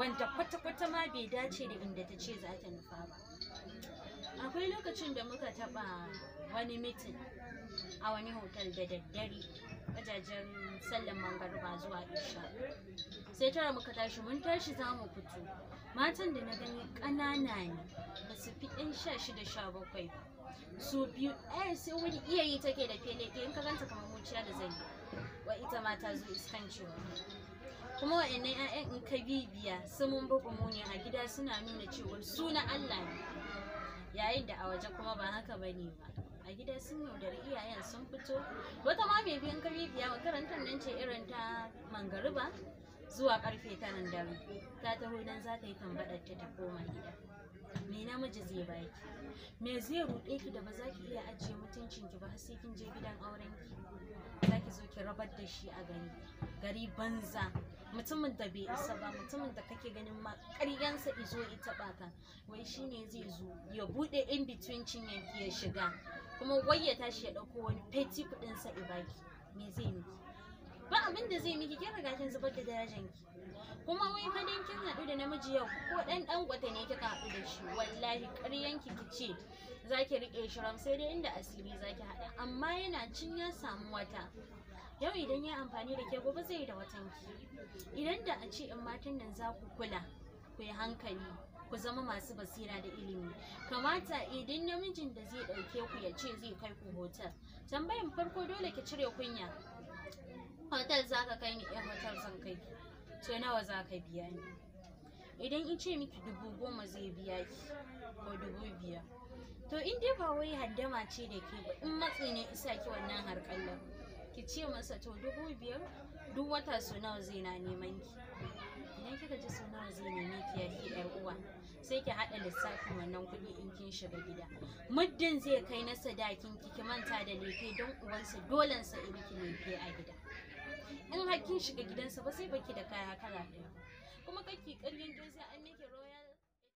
wanda kwata-kwata ma bai dace da inda ta ce za ta nufa ba akwai lokacin da muka taba wani mitin a wani hotel da daddare wajajen sallan mangarba zuwa isha sai tara muka tashi mun tashi za mu fito matan da na gani ƙanana ne ba su fi ɗan sha shida sha bakwai su biyu ɗaya eh, sai wani iyayi take da fele in ka ganta kamar muciya da zai wa ita ma ta zo kuma wa'annan 'ya'yan in ka bibiya sun bugu muni a gida suna nuna cewa suna Allah ne yayin da a waje kuma ba haka ba ne ba a gida sun yaudari iyayen sun fito wata ma mai biyan ka bibiya makarantar nan ce irin ta mangariba zuwa karfe tanan dare ta taho dan za ta yi tambaɗar ta koma gida me namiji zai baki me zai ruɗe ki da ba za ki iya ajiye mutuncin ki ba har sai kin je gidan auren ki za ki zo ki rabar da shi a gari gari banza mutumin da bai isa ba mutumin da kake ganin ma ƙaryansa izo ita baka wai shine zai zo ya buɗe in between cinyanki ya shiga kuma wai ya tashi ya ɗauko wani feti kuɗinsa ibaki me zai miki ba abin da zai miki kin riga kin darajan ki kuma wai fa kin haɗu da namiji yau ko dan ɗan gwata ne kika haɗu da shi wallahi ƙaryan ki kice zaki rike shi ram sai dai inda asiri zaki haɗa amma yana cin ya samu wata yau idan ya amfani da ke gobe zai da watan ki idan da a ce in matan nan za ku kula ku yi hankali ku zama masu basira da ilimi kamata idan namijin da zai ɗauke ku ya ce zai kai ku hotel Tambayin farko dole ki cire kunya hotel za ka kai ni yan hotel zan kai to nawa za ka biya ni idan in ce miki dubu goma zai biya ki ko dubu biyar to in dai ba wai haddama ce da ke ba in matsi ne isa ki wannan harkallar ki ce masa to dubu biyar duk wata su nawa zai na neman ki idan kika ji su nawa zai neme ki ya ki yar uwa sai ki haɗa lissafin wannan kuɗi in kin shiga gida muddin zai kai na sadakin ki ki manta da lefe don uwansa dolensa in ki lefe a gida in hakkin shiga gidansa ba sai baki da kaya kala ɗaya kuma kake ƙaryan gaisa an miki royal